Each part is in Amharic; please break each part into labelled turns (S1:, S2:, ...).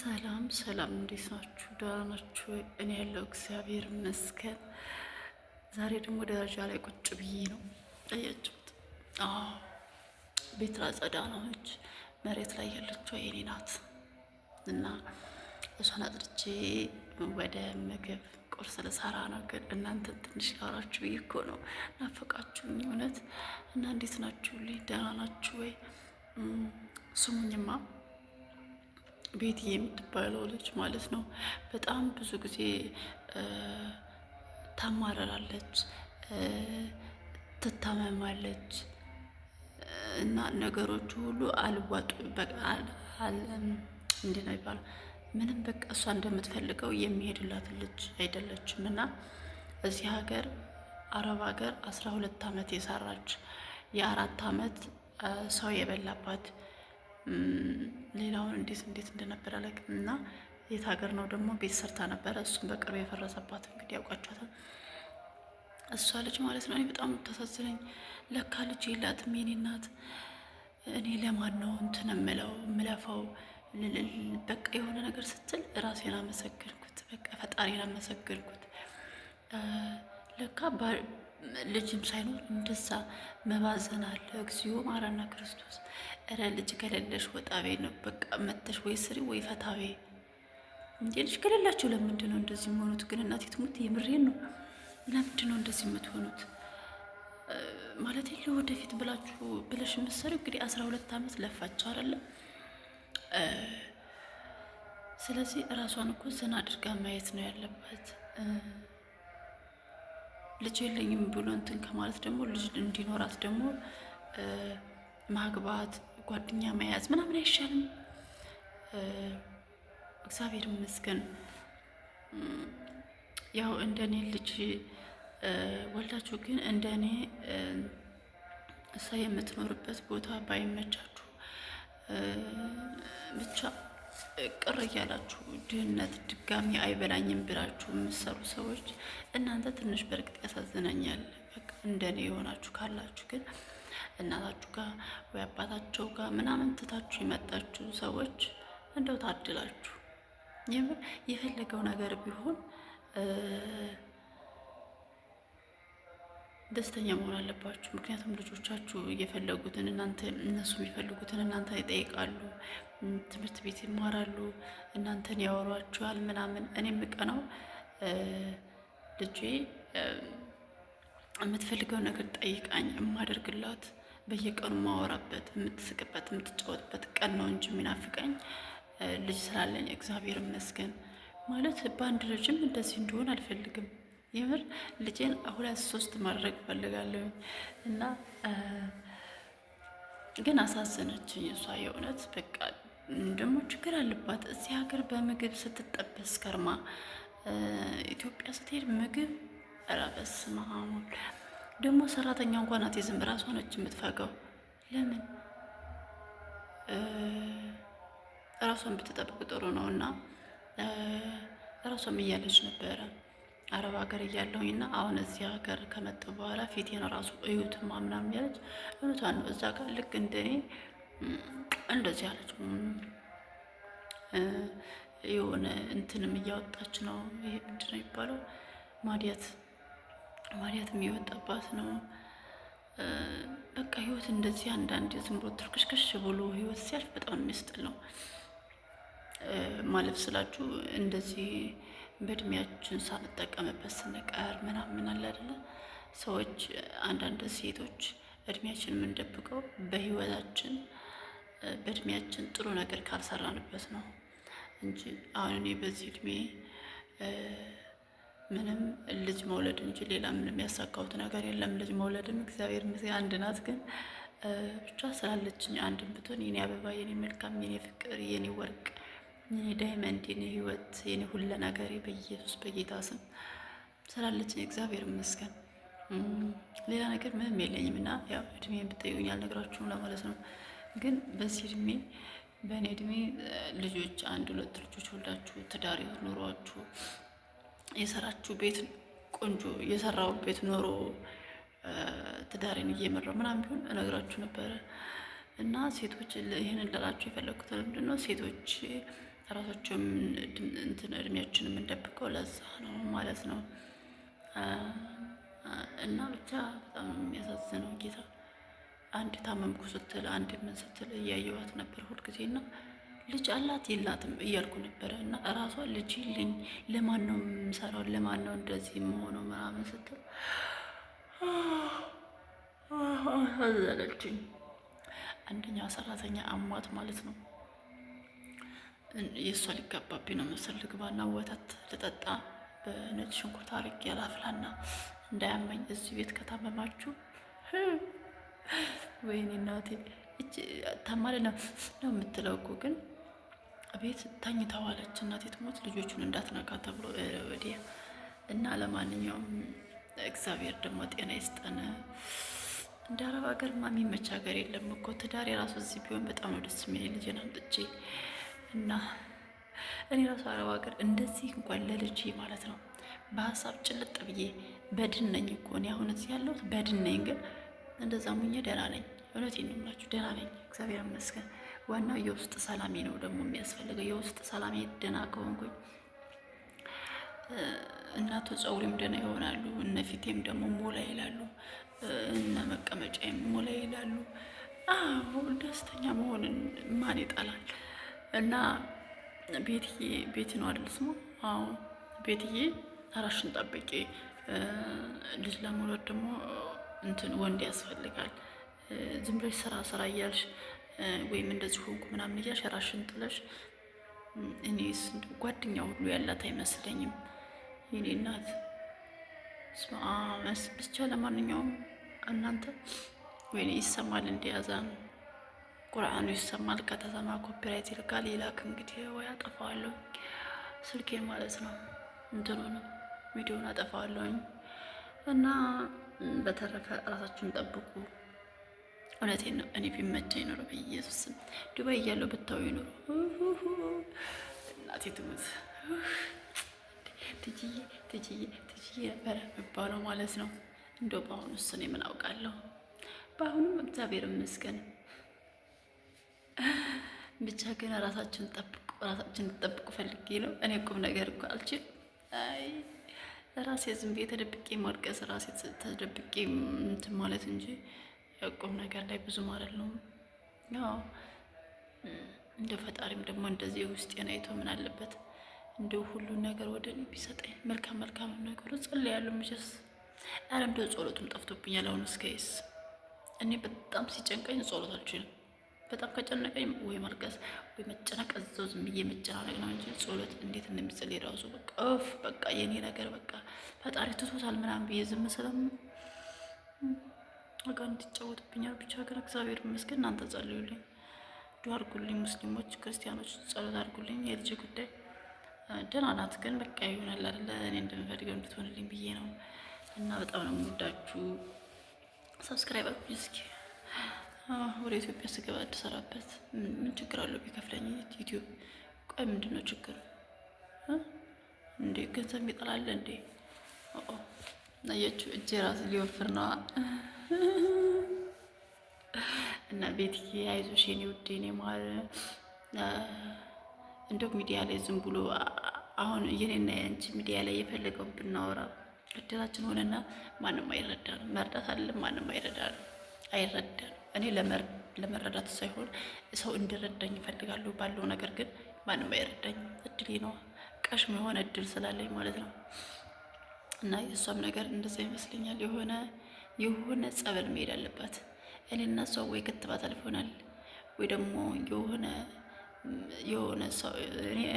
S1: ሰላም ሰላም፣ እንዴት ናችሁ? ደህና ናችሁ? እኔ ያለው እግዚአብሔር ይመስገን። ዛሬ ደግሞ ደረጃ ላይ ቁጭ ብዬ ነው። አያችሁት? አዎ ቤት ላጸዳ ነው። መሬት ላይ ያለችው የኔ ናት እና እሷን አጥርቼ ወደ ምግብ ቁርስ ልሰራ ነው። ግን እናንተ ትንሽ ላውራችሁ ብዬ እኮ ነው። ናፈቃችሁኝ እውነት። እና እንዴት ናችሁ? ደህና ናችሁ ወይ? ስሙኝማ ቤት የምትባለው ልጅ ማለት ነው በጣም ብዙ ጊዜ ታማረራለች፣ ትታመማለች እና ነገሮቹ ሁሉ አልዋጡ እንዴት ነው ይባላል ምንም በቃ እሷ እንደምትፈልገው የሚሄድላት ልጅ አይደለችም። እና እዚህ ሀገር አረብ ሀገር አስራ ሁለት አመት የሰራች የአራት አመት ሰው የበላባት ሌላውን እንዴት እንዴት እንደነበረ ላይ እና የት ሀገር ነው ደግሞ ቤት ሰርታ ነበረ። እሱም በቅርብ የፈረሰባት እንግዲህ ያውቃቸዋታል እሷ ልጅ ማለት ነው። እኔ በጣም ተሳዝነኝ። ለካ ልጅ የላትም የኔ እናት። እኔ ለማን ነው እንትን ምለው ምለፈው በቃ የሆነ ነገር ስትል ራሴን አመሰግንኩት። በቃ ፈጣሪን አመሰግንኩት ለካ ልጅም ሳይኖር እንደዛ መባዘን አለ። እግዚኦ ማረና ክርስቶስ። እረ ልጅ ከሌለሽ ወጣቤ ነው በቃ መተሽ ወይ ስሪ ወይ ፈታቤ። እንዴ ልጅ ከሌላቸው ለምንድን ነው እንደዚህ የሆኑት? ግን እናት ትሙት የምሬን ነው። ለምንድን ነው እንደዚህ የምትሆኑት? ማለት ወደፊት ብላችሁ ብለሽ የምትሰሪው እንግዲህ አስራ ሁለት አመት ለፋቸው አይደለም። ስለዚህ እራሷን እኮ ዘና አድርጋ ማየት ነው ያለበት? ልጅ የለኝም ብሎ እንትን ከማለት ደግሞ ልጅ እንዲኖራት ደግሞ ማግባት፣ ጓደኛ መያዝ ምናምን አይሻልም? እግዚአብሔር ይመስገን። ያው እንደኔ ልጅ ወልዳችሁ ግን እንደኔ እሷ የምትኖርበት ቦታ ባይመቻችሁ ብቻ ቅር እያላችሁ ድህነት ድጋሚ አይበላኝም ብላችሁ የምትሰሩ ሰዎች እናንተ ትንሽ በእርግጥ በቃ እንደኔ የሆናችሁ ካላችሁ ግን እናታችሁ ጋር ወይ አባታቸው ጋር ምናምን ትታችሁ የመጣችሁ ሰዎች እንደው ታድላችሁ። የምር የፈለገው ነገር ቢሆን ደስተኛ መሆን አለባችሁ። ምክንያቱም ልጆቻችሁ እየፈለጉትን እናንተ እነሱ የሚፈልጉትን እናንተ ይጠይቃሉ፣ ትምህርት ቤት ይማራሉ፣ እናንተን ያወሯችኋል ምናምን። እኔ የምቀነው ልጄ የምትፈልገው ነገር ጠይቃኝ የማደርግላት በየቀኑ ማወራበት የምትስቅበት የምትጫወትበት ቀን ነው እንጂ የሚናፍቀኝ ልጅ ስላለኝ እግዚአብሔር ይመስገን ማለት በአንድ ልጅም እንደዚህ እንዲሆን አልፈልግም። የምር ልጄን ሁለት ሶስት ማድረግ ፈልጋለሁ እና ግን አሳዘነችኝ። እሷ የእውነት በቃ ደግሞ ችግር አለባት እዚህ ሀገር በምግብ ስትጠበስ ከርማ ኢትዮጵያ ስትሄድ ምግብ ረበስ መሀሙል ደግሞ ሰራተኛ እንኳን አትይዝም። ራሷ ነች የምትፈገው። ለምን ራሷን ብትጠብቅ ጥሩ ነው እና ራሷም እያለች ነበረ አረብ ሀገር እያለሁኝ እና አሁን እዚህ ሀገር ከመጣሁ በኋላ ፊቴን ራሱ እዩት ምናምን ያለች እውነቷን ነው። እዛ ጋር ልክ እንደኔ እንደዚህ አለች። የሆነ እንትንም እያወጣች ነው። ይሄ ምንድን ነው የሚባለው? ማዲያት ማዲያት የሚወጣባት ነው። በቃ ህይወት እንደዚህ አንዳንድ ዝም ብሎ ትርክሽክሽ ብሎ ህይወት ሲያልፍ በጣም የሚያስጠላው ማለፍ ስላችሁ እንደዚህ በእድሜያችን ሳንጠቀምበት ስንቀር ምናምን አለ አይደለ? ሰዎች አንዳንድ ሴቶች እድሜያችን የምንደብቀው በህይወታችን በእድሜያችን ጥሩ ነገር ካልሰራንበት ነው እንጂ አሁን እኔ በዚህ እድሜ ምንም ልጅ መውለድ እንጂ ሌላ ምንም ያሳካሁት ነገር የለም። ልጅ መውለድም እግዚአብሔር ይመስገን አንድ ናት። ግን ብቻ ስላለችኝ አንድም ብትሆን የኔ አበባ፣ የኔ መልካም፣ የኔ ፍቅር፣ የኔ ወርቅ ዳይመንድ የኔ ህይወት የኔ ሁለ ነገሬ በኢየሱስ በጌታ ስም ስላለች እግዚአብሔር ይመስገን። ሌላ ነገር ምንም የለኝም እና ያው እድሜ ብትጠይቁኝ አልነግራችሁም ለማለት ነው። ግን በዚህ እድሜ በእኔ እድሜ ልጆች አንድ ሁለት ልጆች ወልዳችሁ ትዳር ኖሯችሁ የሰራችሁ ቤት ቆንጆ የሰራው ቤት ኖሮ ትዳሬን እየመራው ምናምን ቢሆን እነግራችሁ ነበረ እና ሴቶች ይህን ልላችሁ የፈለግኩት ምንድን ነው ሴቶች ራሳቸውም እንትን እድሜያችን የምንደብቀው ለዛ ነው ማለት ነው። እና ብቻ በጣም የሚያሳዝነው ጌታ አንድ ታመምኩ ስትል አንድ ምን ስትል እያየዋት ነበር ሁልጊዜ እና ልጅ አላት የላትም እያልኩ ነበረ እና እራሷ ልጅ ይልኝ ለማን ነው የምሰራው ለማን ነው እንደዚህ የምሆነው ምናምን ስትል አዘለችኝ። አንደኛው ሰራተኛ አሟት ማለት ነው የእሷ ሊጋባብኝ ነው መሰል ልግባና ወተት ልጠጣ በነጭ ሽንኩርት አርጌ ያላፍላና እንዳያመኝ እዚህ ቤት ከታመማችሁ ወይኔ እናቴ ታማለ ነው የምትለው እኮ ግን ቤት ተኝተዋለች። እናቴ ትሞት ልጆቹን እንዳትነካ ተብሎ ወዲያ እና ለማንኛውም እግዚአብሔር ደግሞ ጤና ይስጠን። እንደ አረብ ሀገር ማሚ መቻገር የለም እኮ ትዳር የራሱ እዚህ ቢሆን በጣም ነው ደስ የሚል ልጅን አምጥቼ እና እኔ ራሱ አረብ ሀገር እንደዚህ እንኳን ለልጄ ማለት ነው በሀሳብ ጭልጥ ብዬ በድን ነኝ እኮ እኔ አሁን እዚህ ያለሁት በድን ነኝ፣ ግን እንደዛ ሙኜ ደህና ነኝ። እውነቴን ነው የምላችሁ ደህና ነኝ፣ እግዚአብሔር ይመስገን። ዋናው የውስጥ ሰላሜ ነው ደግሞ የሚያስፈልገው። የውስጥ ሰላሜ ደህና ከሆንኩኝ እናቶ ፀጉሬም ደህና ይሆናሉ፣ እነ ፊቴም ደግሞ ሞላ ይላሉ፣ እነ መቀመጫም ሞላ ይላሉ። አዎ ደስተኛ መሆንን ማን ይጠላል? እና ቤትዬ ቤት ነው አይደል ስሙ? አዎ ቤትዬ ራሽን ጠብቂ። ልጅ ለመውለድ ደግሞ እንትን ወንድ ያስፈልጋል። ዝም ብለሽ ስራ ስራ እያልሽ ወይም እንደዚህ ሆንኩ ምናምን እያልሽ ራሽን ጥለሽ እኔስ ጓደኛ ሁሉ ያላት አይመስለኝም የኔ እናት። ስማ፣ ብቻ ለማንኛውም እናንተ ወይ ይሰማል እንደያዛ ነው ቁርአኑ ይሰማል። ከተሰማ ኮፒራይት ይልካል። ይላክ እንግዲህ ወይ አጠፋዋለሁ ስልኬን ማለት ነው እንትኑ ነው ቪዲዮን አጠፋዋለሁኝ። እና በተረፈ ራሳችሁን ጠብቁ። እውነቴን ነው። እኔ ቢመቸኝ ኖሮ በኢየሱስ ዱባይ እያለሁ ብታዊ ኖሮ እናቴ ትሙት ትጅዬ ትጅዬ ትጅዬ ነበረ የሚባለው ማለት ነው። እንደው በአሁኑ እሱን ምን አውቃለሁ። በአሁኑም እግዚአብሔር ይመስገን ብቻ ግን ራሳችን ጠብቁ፣ ራሳችን ጠብቁ ፈልጌ ነው። እኔ ቁም ነገር እኮ አልችል። አይ ራሴ ዝም ብዬ ተደብቄ ማልቀስ፣ ራሴ ተደብቄ እንትን ማለት እንጂ ቁም ነገር ላይ ብዙም አይደለሁም። ያው እንደ ፈጣሪም ደግሞ እንደዚህ ውስጤን አይቶ ምን አለበት እንደው ሁሉን ነገር ወደ እኔ ቢሰጠኝ መልካም መልካም ነገሩ ጸልያለሁ። መቼስ ኧረ እንደው ጸሎቱም ጠፍቶብኛል። አሁን እስከይስ እኔ በጣም ሲጨንቀኝ ጸሎት አልችልም። በጣም ከጨነቀኝ ወይ መልቀስ ወይ መጨነቅ እዛው ዝም ብዬ መጨናነቅ ነው እንጂ ጸሎት እንዴት እንደሚጸልይ ራሱ በቃ ኦፍ በቃ የኔ ነገር በቃ ፈጣሪ ትቶታል ምናምን ብዬ ዝም ስለም ዋጋ እንድትጫወትብኛል። ብቻ ግን እግዚአብሔር ይመስገን። እናንተ ጸልዩልኝ፣ ዱዓ አድርጉልኝ። ሙስሊሞች፣ ክርስቲያኖች ጸሎት አድርጉልኝ። የልጅ ጉዳይ ደህና ናት፣ ግን በቃ ይሆናል አይደለ እኔ እንደምፈልገው እንድትሆንልኝ ብዬ ነው እና በጣም ነው የምወዳችሁ። ሰብስክራይብ አድርጉኝ እስኪ ወደ ኢትዮጵያ ስገባ እንድሰራበት ምን ችግር አለው? ቢከፍለኝ ዩቲዩብ። ቆይ ምንድን ነው ችግር እንዴ? ገንዘብ የሚጠላለ እንዴ? አያችሁ፣ እጄ ራስ ሊወፍር ነዋ። እና ቤትዬ አይዞሽ የኔ ውዴ፣ እኔ ማር እንደው ሚዲያ ላይ ዝም ብሎ አሁን የኔና የአንቺ ሚዲያ ላይ የፈለገው ብናወራ እድላችን ሆነና ማንም አይረዳንም። መርዳት አለ ማንም አይረዳንም አይረዳንም። እኔ ለመረዳት ሳይሆን ሰው እንዲረዳኝ ይፈልጋሉ። ባለው ነገር ግን ማንም አይረዳኝ። እድሌ ነው ቀሽም የሆነ እድል ስላለኝ ማለት ነው። እና የእሷም ነገር እንደዛ ይመስለኛል። የሆነ የሆነ ጸበል መሄድ አለባት። እኔ እና እሷ ወይ ክትባት አልፎናል ወይ ደግሞ የሆነ የሆነ ሰው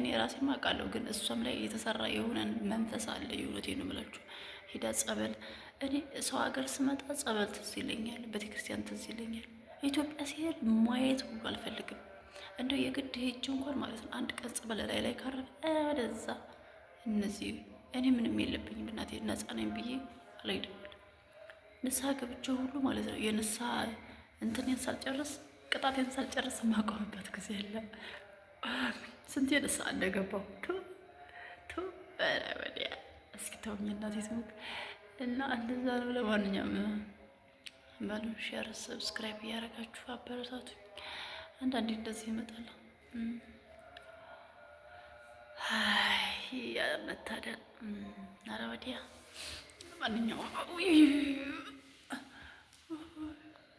S1: እኔ ራሴ ማውቃለሁ፣ ግን እሷም ላይ የተሰራ የሆነ መንፈስ አለ። የእውነቴን ነው የምላችሁ ሂዳ ጸበል እኔ ሰው ሀገር ስመጣ ጸበል ትዝ ይለኛል፣ ቤተክርስቲያን ትዝ ይለኛል። ኢትዮጵያ ሲሄድ ማየት ሁሉ አልፈልግም። እንደ የግድ ሄጅ እንኳን ማለት ነው አንድ ቀን ጸበል ላይ ላይ ካረፍ ወደዛ እነዚህ እኔ ምንም የለብኝም እናቴ ነጻ ነኝ ብዬ አላይደል ንስሐ ገብቼ ሁሉ ማለት ነው የንስሐ እንትኔን ሳልጨርስ ቅጣቴን ሳልጨርስ የማቆምበት ጊዜ የለ። ስንቴ ንስሐ እንደገባሁ ቱ ቱ በረ ወዲያ እስኪ ተውኝ እናቴ ትሙት እና እንደዛ ነው። ለማንኛውም በሉ ሼር፣ ሰብስክራይብ እያደረጋችሁ አበረታቱኝ። አንዳንዴ እንደዚህ ይመጣል። አይ መታደል። ኧረ ወዲያ ማንኛውም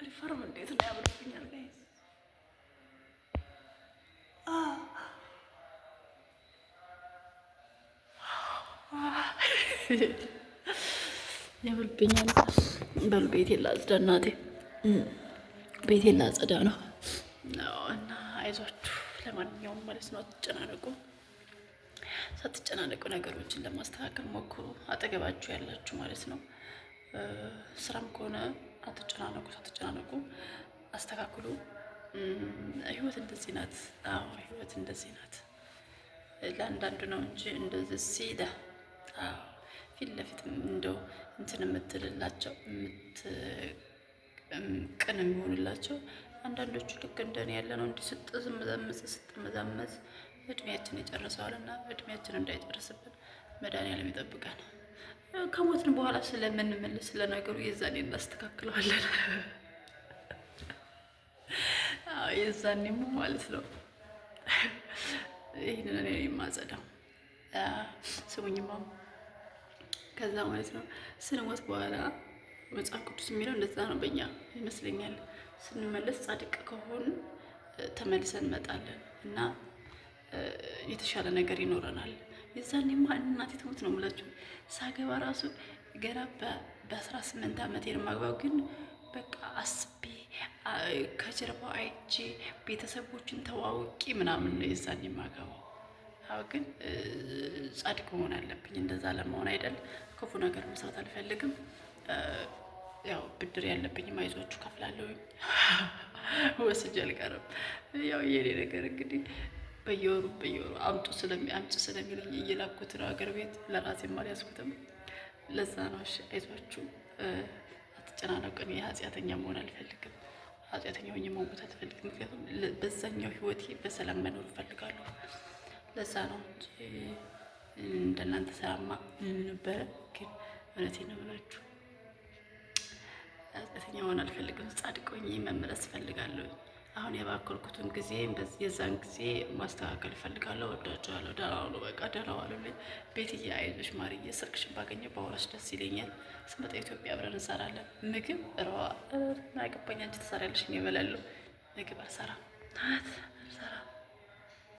S1: ሪፈርም እንዴት ነው ያምርብኛል ጋይስ ያበልብኛል። በሉ ቤቴን ላጽዳ፣ እናቴ ቤቴን ላጸዳ ነው እና አይዟችሁ። ለማንኛውም ማለት ነው አትጨናነቁ። ሳትጨናነቁ ነገሮችን ለማስተካከል ሞክሩ፣ አጠገባችሁ ያላችሁ ማለት ነው። ስራም ከሆነ አትጨናነቁ፣ ሳትጨናነቁ አስተካክሉ። ህይወት እንደዚህ ናት። አዎ ህይወት እንደዚህ ናት። ለአንዳንዱ ነው እንጂ እንደዚህ ሲዳ ፊት ለፊት እንደው እንትን የምትልላቸው ቅን የሚሆንላቸው አንዳንዶቹ ልክ እንደኔ ያለ ነው እንዲህ ስትመዘምዝ ስትመዛመዝ እድሜያችን ይጨርሰዋል እና እድሜያችን እንዳይጨርስብን መድኃኒዓለም ይጠብቃል። ከሞትን በኋላ ስለምንመልስ ስለነገሩ የዛኔ እናስተካክለዋለን። የዛኔም ማለት ነው። ይህንን እኔ የማጸዳው ስሙኝማ ከዛ ማለት ነው ስንሞት በኋላ መጽሐፍ ቅዱስ የሚለው እንደዛ ነው በእኛ ይመስለኛል። ስንመለስ ጻድቅ ከሆን ተመልሰን እንመጣለን እና የተሻለ ነገር ይኖረናል። የዛኔማ እናቴ ትሙት ነው የምላችሁ። ሳገባ ራሱ ገና በአስራ ስምንት ዓመት ነው ማግባው ግን በቃ አስቤ ከጀርባ አይቼ ቤተሰቦችን ተዋውቂ ምናምን ነው የዛኔ ማገባው ግን ጻድቅ መሆን አለብኝ። እንደዛ ለመሆን አይደል ክፉ ነገር መስራት አልፈልግም። ያው ብድር ያለብኝም አይዟችሁ ከፍላለሁ ወስጄ አልቀርም። ያው የኔ ነገር እንግዲህ በየወሩ በየወሩ አምጡ አምጪ ስለሚሉኝ እየላኩት ነው ሀገር ቤት ለራሴ አልያዝኩትም። ለዛ ነው እሺ፣ አይዟችሁ አትጨናነቁ። እኔ ኃጢአተኛ መሆን አልፈልግም። ኃጢአተኛ ሆኜ መሞት አልፈልግም። ምክንያቱም በዛኛው ህይወቴ በሰላም መኖር እፈልጋለሁ። ለዛ ነው እንጂ እንደናንተ ሰራማ ነበረ። ግን እውነቴን ነው የምላችሁ ኃጢአተኛ መሆን አልፈልግም። ጻድቅ ሆኜ መመለስ እፈልጋለሁ። አሁን ያባከልኩትን ጊዜ የዛን ጊዜ ማስተካከል እፈልጋለሁ። ወዳቸዋለሁ። ደህና ዋሉ፣ በቃ ደህና ዋሉ። ላይ ቤትዬ፣ አይዞሽ ማርዬ፣ ስልክሽን ባገኘ በአውራሽ ደስ ይለኛል። ስመጣ ኢትዮጵያ አብረን እንሰራለን። ምግብ ረዋ ምን አገባኝ አንቺ ትሰሪያለሽ፣ እኔ እበላለሁ። ምግብ አልሰራም ናት